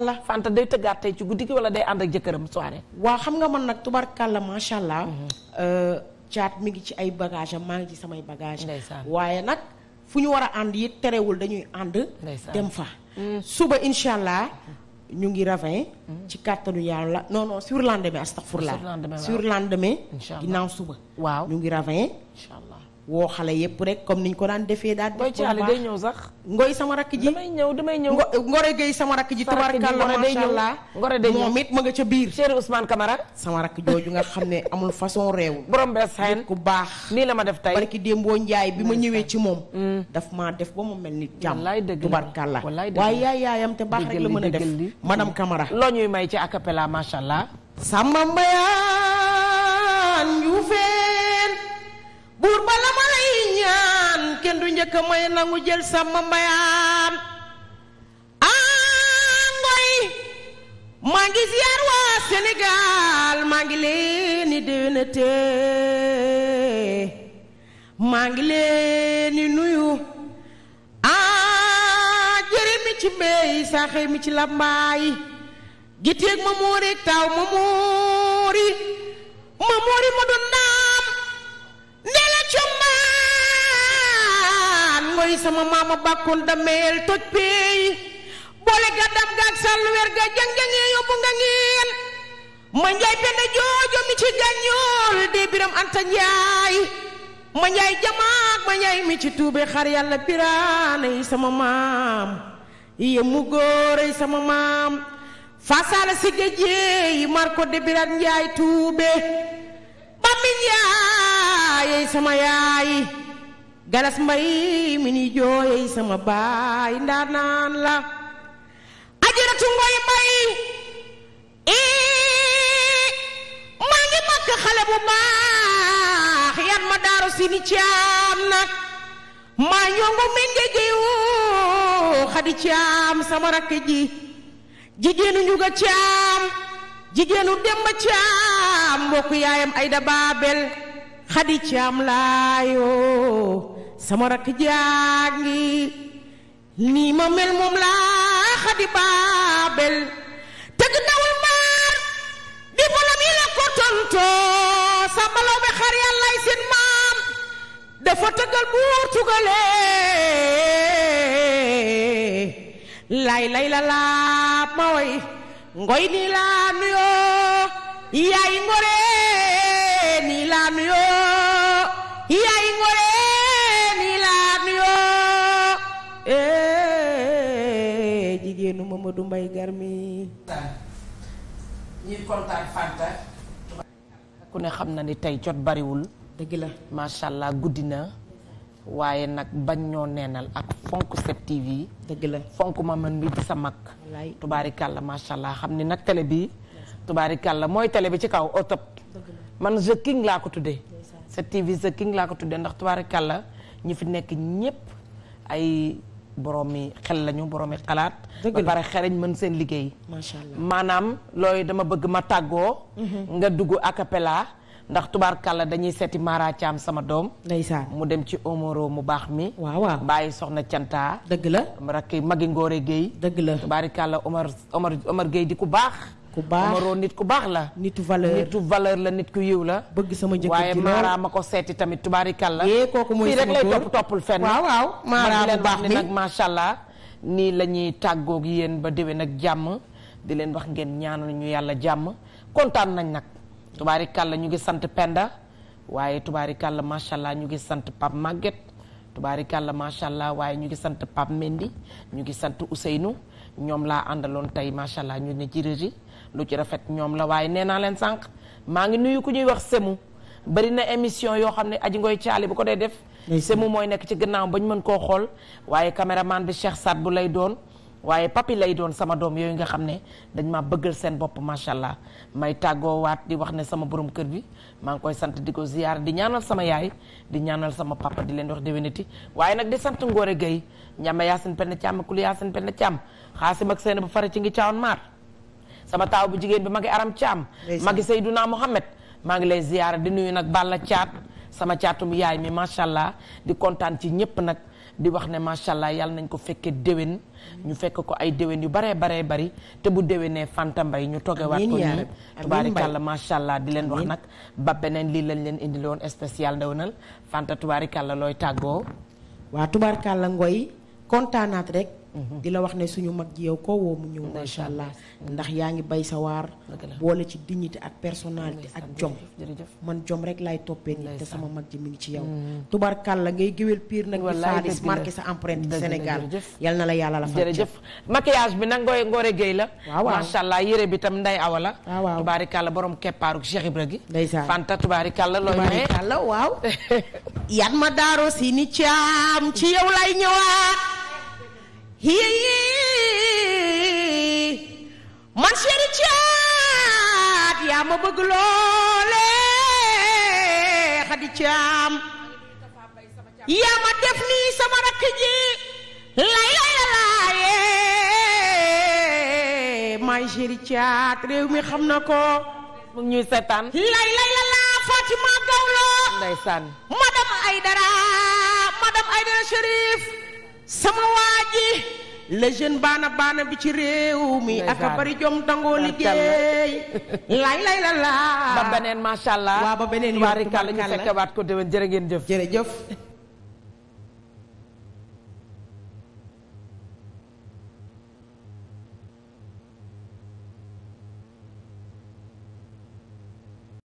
la Fanta day tëggaat tey ci guddi wala day ànd ak jëkkëram soirée. waaw xam nga man nag tubarkalla macha allah. Mhm. Euh, caat mi ngi ci ay bagage am maa ngi ci samay bagage waaye nag fu ñu war a ànd it terewul dañuy ànd. dem fa. Mhm. suba incha allah ñu ngi ravin. ci kàttanu yàlla non non sur lendemain astaghfirullah sur lendemain ginnaaw suba. waaw ñu ngi ravin. woo xale yëpp rek comme niñ ko daan defee daal. booy caali day ñëw sax. ngoy sama rakk ji damay ñëw damay ñëw. ngore gay sama rakk ji. tubaarkàlla macha allah moom it ma nga ca biir. chéri Ousmane Camara. sama rakk xam ne amul façon réew. borom bees xeen ku baax. nii la ma def tey barki démboo Njaay bi ma ñëwee ci moom. Mm. daf maa def ba mu mel ni jàmm. wallaay dëgg la tubaarkàlla waaye yaay yaayam te baax rek la mën a def. madame Camara loo ñuy may ci acapella macha jëkk mooy nangu jël sama mbayaan angoy maa ngi ziar waa Sénégal maa ngi leen di déwénate maa ngi leen di nuyu ah jërë mi ci mbéy saxe mi ci làmbaay giteeg ma moori taw ma moori ma moori ma doon naa koy sama maama bàkkoon dameel toj peey boole ga dab sàll wer ga jang-jangee yóbbu nga ngeel ma njaay pend joojo mi ci gàññool dee biram anta njaay ma njaay jamaak ma njaay mi ci tuube xar yàlla biraanay sama maam ye mu góoray sama maam fasaala si géejeey mar ko de birat njaay tuube ba mi njaayey sama yaay galas mbay mi ni jooyey sama baay ndaa naan la ajaratu ngoy mbay maa ngi makk xale bu baax yan ma daaru si ni caam nag maa ñongo men njegewu xadi caam sama rakk ji jigéenu njuga caam jigéenu demba caam mbokku yaayam ayda baabel xadi caam laayoo sama rakk jaa nii ma mel moom laa xadi baabel tëgg ndawul maar di bolam yi la ko tontoo sama law bi xar yàllaay seen maam dafa tëggal buur tugalee lay la laab ma way ngoy nii laa nuyoo yaay ngoree nii laa nuyoo Mamadou Mbaye Garmi. ñuy ku ne xam na ni tey jot bariwul. dëgg la macha allah guddi na. waaye nag bañ ñoo neenal ak fonk 7TV yi. dëgg la fonk ma man mi sa mag. wallaay tubaarikàlla macha allah xam ni nag télé bi. tubaarikàlla mooy télé bi ci kaw au top. man The King laa ko tuddee. 7TV The laa ko tuddee ndax tubaarikàlla ñi fi nekk ñépp ay. boroomi xel lañu boroomi xalaat. ba pare xereñ mën seen liggéey. macha allah maanaam looy dama bëgg ma tàggoo. Mhm. nga dugg acapella ndax tubaar tubaarkàlla dañuy seeti Mara sama doom. ndeysaan mu dem ci omoro mu baax mi. waaw waaw bàyyi soxna Canta. dëgg la rakki magi Ngoore Guèye. dëgg la tubaarkàlla Omar Omar Omar Guèye di ku baax. ku baax Omaro nit ku baax la. nitu valeur nitu valeur la nit ku yiw la. bëgg sama jëkkër waaye Mara ma ko seeti tamit tubaarikal la. yee kooku mooy sama góor fii rek lay topp toppul fenn. waaw waaw Mara bu baax mi nag macha allah. nii la ñuy tàggoog yéen ba déwén ak jàmm di leen wax ngeen ñaanal ñu yàlla jàmm kontaan nañ nag. tubaarikal la ñu ngi sant Penda waaye tubaarikal la macha allah ñu ngi sant Pape Maguette. tubaarikàlla macha allah waaye ñu ngi sant Pape Mendy ñu ngi sant Ousseynou ñoom laa àndaloon tey macha ñu ne ci régie lu ci rafet ñoom la waaye nee naa leen sànq maa ngi nuyu ku ñuy wax semu bari na émission yoo xam ne aji ngoy caali bu ko dee def semu mooy nekk ci gannaaw bañ ñu mën koo xool waaye caméraman bi Cheikh Saad bu lay doon waaye papi lay doon sama doom yooyu nga xam ne dañ maa bëggal seen bopp macha allah may tàggoowaat di wax ne sama borom kër bi maa ngi koy sant di ko ziyaar di ñaanal sama yaay di ñaanal sama papa di leen wax déwénati waaye nag di sant Ngore Gueye ñama yaasin penn càmm kulu yaasin penn càmm xaasim ak seen bu fare ci ngi caawoon maar sama taaw bu jigéen bi magi aram caam magi Seydouna Mohamed maa ngi lay ziyaara di nuyu nag Balla Caat sama caatum yaay mi macha allah di kontaan ci ñëpp nag di wax ne macha allah yàlla nañ ko fekkee déwén ñu fekk ko ay déwén yu baree baree bari te bu déwénee Fanta mbay ñu toggewaat ko nii tubaarikàlla macha allah di leen wax nag ba beneen lii lañ leen indi woon spécial ndewenal Fanta la looy tàggoo waa tubaarikàlla ngoy kontaanaat rek Mhm. di la wax ne suñu mag ji yow koo woo mu ñëw macha allah ndax yaa ngi bay sa waar boole ci dignité ak personnalité ak jom man jom rek laay toppee nii te sama mag ji mi ngi ci yow mhm. tubarkal la ngay géwél piir nag di saalis marqué sa empreinte ci Sénégal yal na la yàlla la fa jërëjëf maquillage bi nag ngooy ngoore géey la waaw macha allah yére bi tam nday awa la waaw tubaarikàlla borom keppaaru Cheikh Ibra gi ndeysaan Fanta tubaarikàlla looy tubaarikàlla waaw yat ma daaro si ni caam ci yow lay ñëwaat hiiii man seeri caat yaa ma bëgg loole xadi caam yaa ma def nii sama rakk ji lay lay laayee man seeri caat réew mi xam na ko mu ngi ñuy seetaan lay lay la laa Fatima Gawlo ndeysaan madame Aydara madame Aydara Chérif sama waa ji le baana baana bi ci réew mi aka bari jom tangoo liggéey lay lay la laa ba beneen macha allah waaw ba beneen yoon tubaarikàlla ñu fekkewaat ko déwén jërë jëf